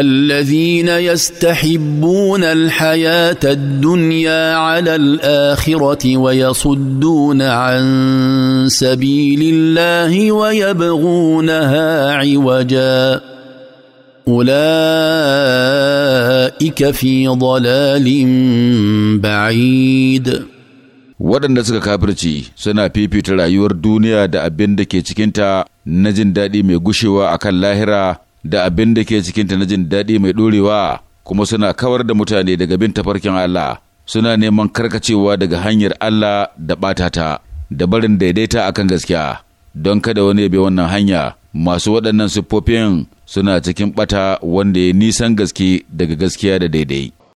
الذين يستحبون الحياه الدنيا على الاخره ويصدون عن سبيل الله ويبغونها عوجا اولئك في ضلال بعيد waɗanda suka kafirci suna fifita rayuwar duniya da abin da ke cikinta na jin daɗi mai gushewa akan lahira da abin da ke cikinta na jin daɗi mai ɗorewa kuma suna kawar da mutane daga bin tafarkin Allah suna neman karkacewa daga hanyar Allah da ɓata ta da barin daidaita akan gaskiya don kada wani ya bi wannan hanya masu waɗannan siffofin suna cikin ɓata wanda ya nisan gaske daga gaskiya da daidai.